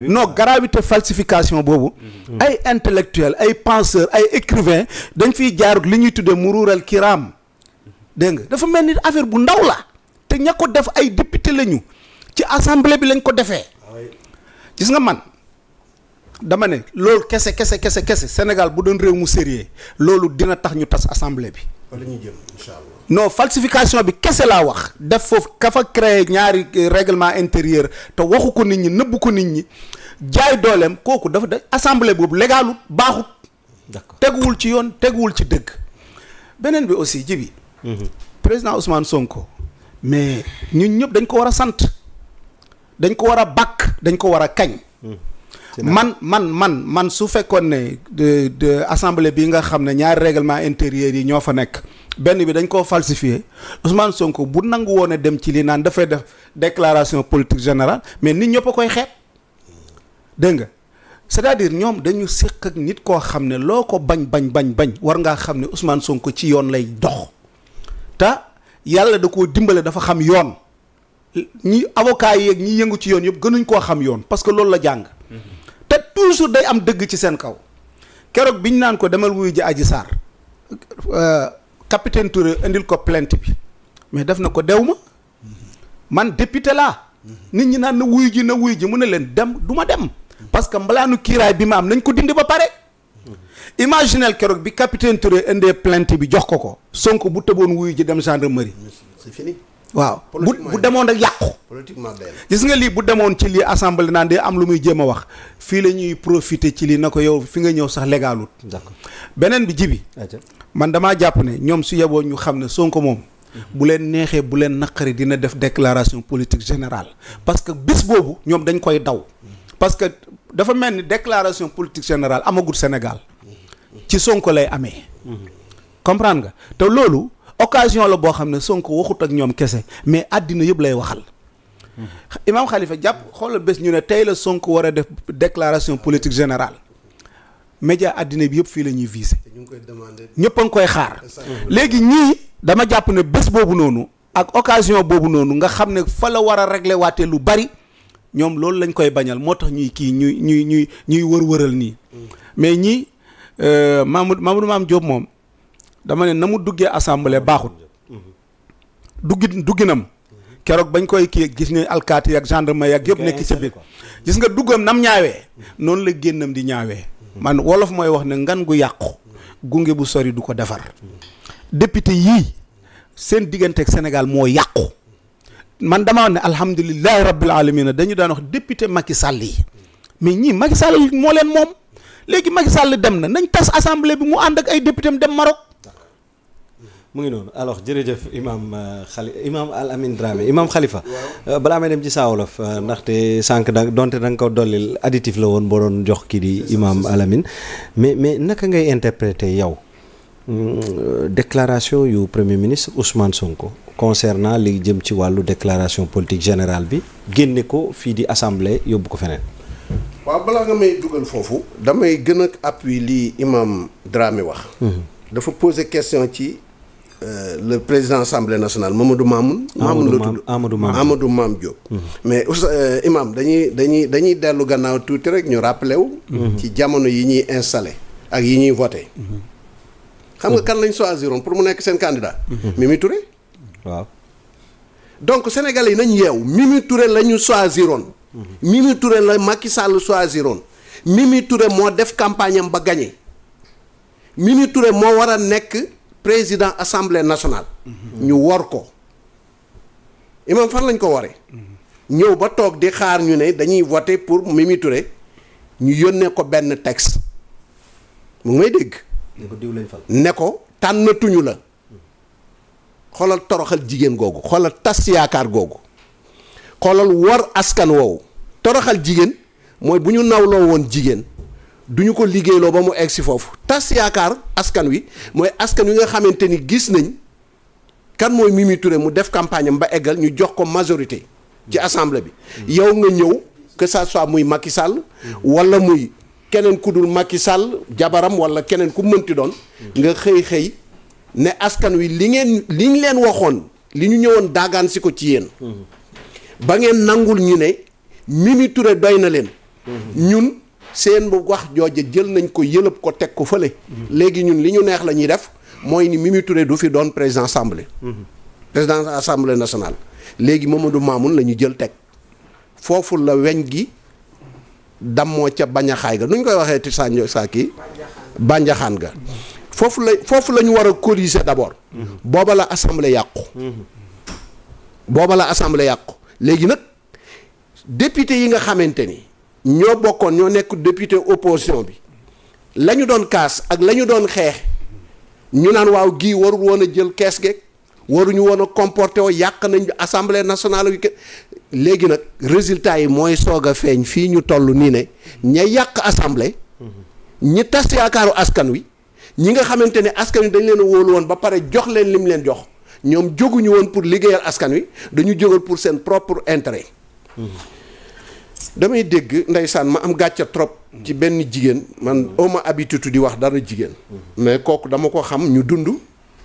non garabité falsification boobu mm-hmm. ay intellectuel ay penseur ay écrivain dañ fiy jaarut li ñuy tuddee mu muruural kiram dégg nga dafa mel ni affaire bu ndaw la te ña ko def ay député lañu ci assamble bi lañ ko defee gis nga man dama ne loolu kese kese kese kese Sénégal bu doon réew mu sérieux loolu dina tax ñu tas assemblée bi wala ñu jëm incha allah non falsification bi kese laa wax def foofu ka fa créé ñaari eh, réglement intérieur te waxu ko nit ñi nëbbu ko nit ñi jaay dooleem kooku dafa da assemblée boobu légalut baaxut. d'accord teguwul ci yoon teguwul ci dëgg. beneen bi aussi jibi mhm. président Ousmane Sonko. mais ñu ñëpp dañ ko war a sant dañ ko war a bàkk dañ ko war a kañ. Mhm. man man man man su fekkoon ne de de assemblée bi nga xam ne ñaari réglement intérieur yi ñoo fa nekk benn bi dañ koo falsifié Ousmane sonk bu nangu woon dem ci li naan dafay def déclaration politique général mais nit ñëpp a koy xeeb dégg nga c'est-à-dire ñoom dañu séq ak nit koo xam ne loo ko bañ bañ bañ bañ war ngaa xam ne Ousmane Sonko ci yoon lay dox te yàlla da koo dimbale dafa xam yoon ñi avocat yi ak ñi yëngu ci yoon yëpp gënuñ koo xam yoon parce que loolu la jàng. Mm-hmm. toujours day am dëgg ci seen kaw keroog bi ñu naan ko demal wuyu ji Adji Sarr euh, capitaine Touré indil ko plainte bi mais def na ko dew ma man député la nit ñi naan na wuyu ji na wuyu ji mu ne leen dem du ma dem parce que mbalaanu kiiraay bi ma am nañ ko dindi ba pare imaginel keroog bi capitaine Touré indee plainte bi jox ko ko Sonko bu tëboon wuyu ji dem gendarmerie c'est fini waaw bu bu demoon rek yàqu. politiquement gis nga lii bu demoon ci lii assemblée naan day am lu muy jéem a wax fii la ñuy profiter ci lii na ko yow fi nga ñëw sax légalut. d'accord beneen bi jibi man damaa jàpp ne ñoom su yeboo ñu xam ne Sonko moom. Mhm. bu leen neexee bu leen naqari dina def déclaration politique général parce que bis boobu ñoom dañ koy daw. Mhm. parce que dafa mel ni déclaration politique général amagul Sénégal. Mhm. ci Sonko lay amee. comprendre nga te loolu. occasion la boo xam ne Sonko waxut ak ñoom kese mais àddina yëpp lay waxal. Imam xalifa jàpp xoolal bés ñu ne tey la Sonko war a def déclaration politique général média àddina bi yëpp fii la ñuy visé. ñëpp a ngi koy xaar. léegi ñii dama jàpp ne bés boobu noonu. ak occasion boobu noonu nga xam ne fa la war a regle waate lu bari. ñoom loolu lañ koy bañal moo tax ñuy kii ñuy ñuy ñuy ñuy wër-wëral nii. Mm. mais ñii Mamadou euh, Mamadou Mame Diop moom. dama ne na mu duggee assemblée baaxut duggin dugginam keroog bañ koy kii gis ne alkaati ak gendarmerie ak yëpp nekk ci biir gis nga duggam nam ñaawee noonu la génnam di ñaawee man wolof mooy wax ne ngan gu yàqu gunge bu sori du ko defar député yii seen diggante ak Sénégal moo yàqu man dama ne alhamdulilahi rabbil alamina dañu daan wax député Macky yi mais ñii Macky Sall moo leen moom léegi Macky Sall dem na nañ tas assemblée bi mu ànd ak ay député dem Maroc mu ngi noonu alors jërëjëf imam xali euh, imam al amin Dramé imam Khalifa euh, balaa may dem ci saawolof euh, ndaxte sànq da donte danga ko dollil additif la woon boo doon jox kii di imam al amin mais mais naka ngay interpréter yow mm, déclaration yu premier ministre Ousmane Sonko concernant li jëm ci wàllu déclaration politique général bi génne ko fii di assemblée yóbbu ko feneen waaw balaa nga may dugal foofu damay gën a appui li imam Dramé wax mhm. dafa poser question ci Euh, le président assemblée nationale Mamadou Mamoun. Mamoun la tudd Amadou Mam Amadou Mam Diop. Hmm. mais Oussa euh, Imaam dañuy dañuy dañuy dellu gannaaw tuuti rek ñu rappelé wu. Hmm. ci jamono yi ñuy installé ak yi ñuy voté. Hmm. xam nga kan lañ choisiroon pour mu nekk seen candidat. Mimi Touré. waaw donc sénégalais yi nañ yeew Mimi Touré la ñu choisiroon. Mimi Touré la Macky Sall choisiroon. Mimi Touré moo def campagne am ba gagné. Mimi Touré moo war a nekk. président assemblée nationale. ñu wor ko. imam fan lañ ko waree. ñëw ba toog di xaar ñu ne dañuy voter pour Mimi Touré ñu yónnee ko benn texte mu ngi may dégg. ne ko ne ko tànnatuñu la. xoolal toroxal jigéen googu xoolal tas yaakaar googu xoolal wor askan woowu toroxal jigéen mooy bu ñu nawloo woon jigéen. duñu ko liggéeyloo ba mu egg foofu tas yaakaar askan wi mooy askan wi nga xamante ni gis nañ kan mooy Mimi Touré mu def campagne ba eggal ñu jox ko majorité ci assemblée bi yow nga ñëw que ça soit muy Macky Sall wala muy keneen ku dul Macky Sall jabaram wala keneen ku mënti doon nga xëy xëy ne askan wi li ngeen li ñu leen waxoon li ñu ñëwoon daagaan si ko ci yéen mm-hmm. ba ngeen nangul ñu ne Mimi Touré doy na leen mm-hmm. ñun seen bu wax jooja jël nañ ko yëlëb ko teg ko fële. léegi ñun li ñu neex la ñuy def mooy ni Mimi du fi doon président assemblée. président assemblée nationale. léegi Mamadou Mamoun la ñu jël teg foofu la weñ gi dammoo ca bañaxaay ga nu ñu koy waxee ci saa saa ki bànjaxaan ga foofu la foofu la ñu war a corriger d'abord. booba la assemblée yàqu. booba la assemblée yàqu léegi nag député yi nga xamante ni. ñoo bokkoon ñoo nekk député opposition bi la ñu doon kaas ak lañu doon xeex ñu naan waaw gii warul woon a jël kees geeg waruñu woon a comporté woo yàq nañ assemblée nationale wi léegi nag résultat yi mooy soog a feeñ fii ñu toll nii ne ña yàq assemblée ñi tas yaakaaru askan wi ñi nga xamante ne askan wi dañ leen a wóolu woon ba pare jox leen lim leen jox ñoom jóguñu woon pour liggéeyal askan wi dañu jógal pour seen propre intérêt. damay dégg ndeysaan ma am gàcce trop ci benn jigéen man oma mm-hmm. habitude di wax dara jigéen mm-hmm. mais kooku dama ko xam ñu dund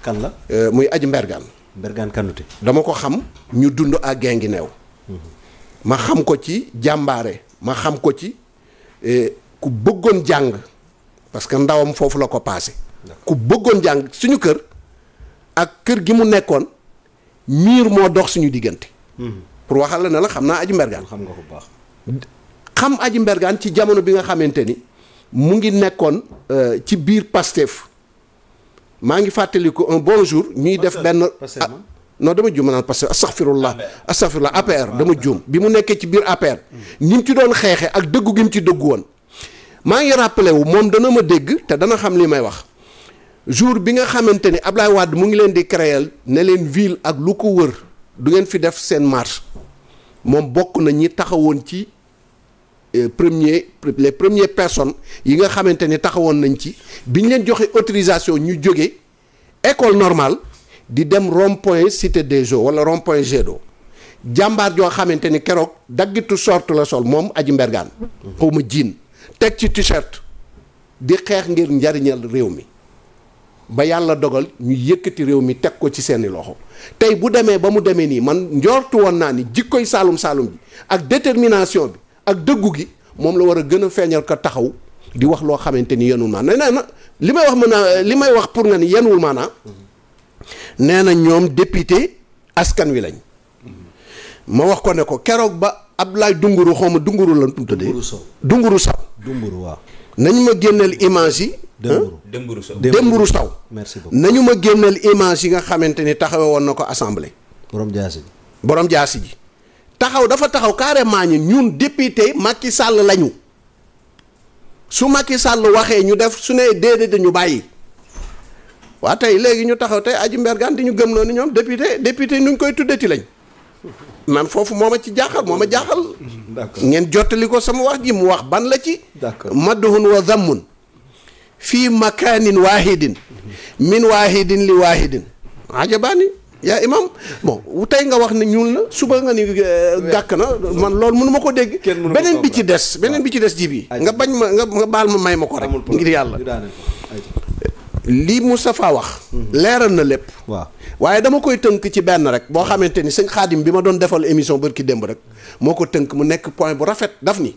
kan la euh, muy aji mbergaan mbergaan kanute dama ko xam ñu dund ak ngi neew ma xam ko ci jàmbaare ma xam ko ci euh, ku bëggoon jàng parce que ndawam foofu la ko passé ku bëggoon jàng suñu kër ak kër gi mu nekkoon miir moo dox suñu diggante mm-hmm. pour waxal la ne la xam naa aji mbergaan xam nga ko baax xam Aji Mbergane ci jamono bi nga xamante ni mu ngi nekkoon euh, ci biir Pastef maa ngi fàttaliku un bon jour ñuy def benn non dama juum naan Pastef astaghfirullah ah, astaghfirullah APR ah, dama juum bi mu nekkee ci biir APR hmm. ni mu ci doon xeexe ak dëggu gim ci dëggu woon maa ngi rappelé wu moom dana ma dégg te dana xam li may wax jour bi nga xamante ni Ablaye Wade mu ngi leen di créer ne leen ville ak lu ko wër du ngeen fi def seen marche moom bokk nañ ñi taxawoon ci euh, premier les premières personnes yi nga xamante ne taxawoon nañ ci biñ leen joxe autorisation ñu jóge école normale di dem rond cité des eaux wala rond-point jet jàmbaar joo xamante ni keroog daggitu sort la sol moom aji mbergaan mm-hmm. xawma jiin teg ci t-shirt di xeex ngir njariñal réew mi ba yàlla dogal ñu yëkkati réew mi teg ko ci seeni loxo tey bu demee ba mu demee nii man njoortu woon naa ni jikkoy saalum saalum bi ak détermination bi ak dëggu gi moom la war a gën a feeñal ko taxaw di wax loo xamante ni yenul maanaa nee na li may wax mën naa li may wax pour nga ni yenwul maanaa nee na ñoom député askan wi lañ ma wax ko ne ko keroog ba ab Ablaye Dunguru xaw ma Dunguru la tuddee Dunguru Sow Dunguru Sow Dunguru nañ ma génneel image yi Dembourou Sow Dembourou Sow. merci beaucoup nañu ma génneel image yi nga xamante ni taxawe woon na ko assemblée. borom jaasi ji borom jaasi ji. taxaw dafa taxaw carrément ñun ñun député Macky sàll lañu su Macky Sall waxee ñu def su ne déedéet ñu bàyyi waa tey léegi ñu taxaw tey aji mbergaan di ñu gëm loonu ñoom député député nuñ koy tuddati lañ man foofu moo ma ci jaaxal moom ma jaaxal. ngeen jottali ko sama wax ji mu wax ban la ci. d'accord madduhun wa zammun fi makanin wahidin min wahidin li wahidin ajabaani yaa imam bon tey nga wax ne ñuul na suba nga ni eh, gàkk na man loolu mënu ma ko dégg beneen bi ci des beneen bi ci des ji bi nga bañ ma nga baal ma may ma ko rek ngir yàlla li Moustapha wax mhm. leeral na lépp waaw waaye dama koy tënk ci benn rek boo xamante ni sëñ Xaadim bi ma doon defal émission bërki démb rek moo ko tënk mu nekk point bu rafet daf ni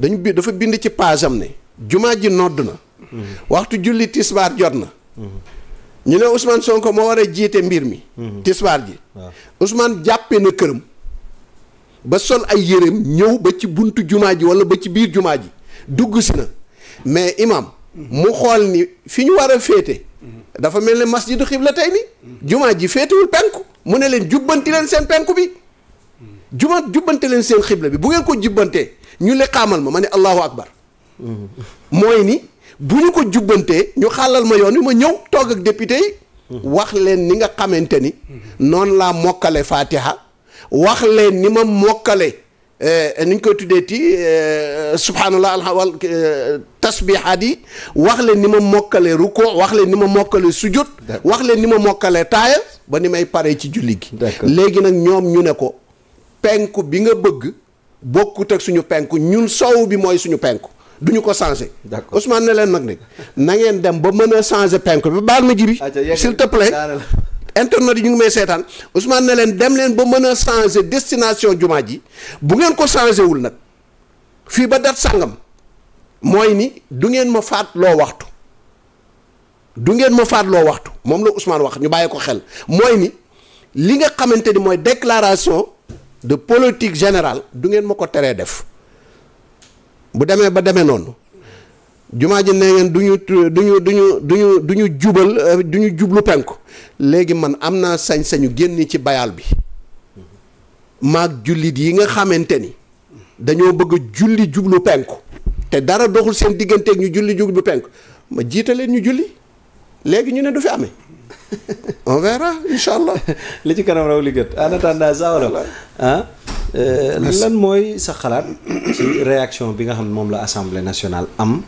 mhm. bi dafa bind ci page ne jumaa ji nodd na. waxtu julli tisbaar jot na. ñu ne Ousmane Sonko moo war a jiite mbir mi. tisbaar ji. usmaan jàppe na këram. ba sol ay yéreem ñëw ba ci bunt jumaa ji walla ba ci biir jumaa ji dugg si na mais imam mu xool ni fi ñu war a féete. dafa mel ne masjidu xibla tey ni jumaa ji féetewul penku mu ne leen jubbanti leen seen penku bi. jumaa jubbante leen seen xibla bi bu ngeen ko jubbantee ñu le xaamal ma ma ne allahu akbar. mooy ni bu ñu ko jubbantee ñu xàllal ma yoon wi ma ñëw togg ak député yi. wax leen ni nga xamante ni. noonu laa mokkale Fatiha. wax leen ni ma mokkale eh, ni ñu koy tuddee ti eh, subhanallah alhawal eh, tasbihaat yi wax leen ni ma mokkale ruko wax leen ni ma mokkale sujjot wax leen ni ma mokkale taaya ba ni may paree ci julli gi léegi nag ñoom ñu ne ko penk bi nga bëgg bokkut suñu penk ñun soow bi mooy suñu penk du ñu ko changé. d'accord Ousmane ne leen nag ne na ngeen dem ba mën a changé penk bi baal ma ji bi. s'il te plaît. internet yi ñu ngi may seetaan Ousmane na leen dem leen ba mën a changé destination jumaa ji bu ngeen ko changé wul nag fii ba dat sàngam mooy ni du ngeen ma faat loo waxtu du ngeen ma faat loo waxtu moom la Ousmane wax ñu bàyyee ko xel mooy ni li nga xamante ni mooy déclaration de politique général du ngeen ma ko teree def. bu demee ba demee noonu jumaa ji nee ngeen du ñu du ñu du ñu du ñu du ñu jubal euh, du ñu jublu penku léegi man am naa sañ-sañu génn ci bayaal bi maag jullit yi nga xamante ni dañoo bëgg julli jublu penku te dara doxul seen digganteeg ñu julli jublu penku ma jiite leen ñu julli léegi ñu ne du fi amee on verra incha allah. li ci kanam raw li gët en attendant Euh, lan mooy sax xalaat ci réaction bi nga xam ne moom la assemblée nationale am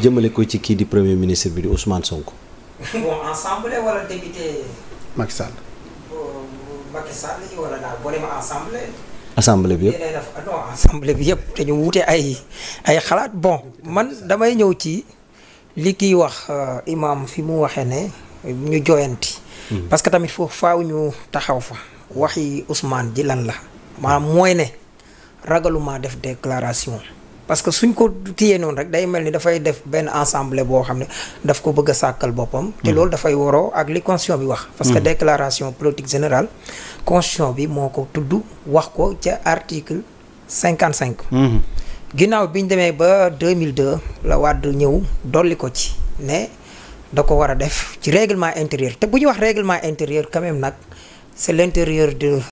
jëmale ko ci kii di premier ministre bi di Ousmane Sonko. bon assemblée wala député. Macky bi yëpp assemblée ah bi yëpp dañu wute ay ay xalaat bon man damay ñëw ci li kiy wax euh, imaam fi mu waxee ne ñu joyanti hmm. parce que tamit foofu faaw ñu taxaw fa waxi Ousmane ji lan la. maanaam mooy ne ragaluma def déclaration parce que suñ ko téyee noonu rek day mel ni dafay def benn ensemble boo xam ne daf ko bëgg a sàkkal boppam. te hmm. loolu dafay waroo ak li constitution bi wax. parce que hmm. déclaration politique générale constitution bi moo ko tudd wax ko ca article cinquante cinq. Hmm. ginnaaw bi ñu demee ba 2002 la Wade ñëw dolli ko ci ne da ko war a def ci réglement intérieur te bu ñu wax réglement intérieur quand même nag c'est l'intérieur de.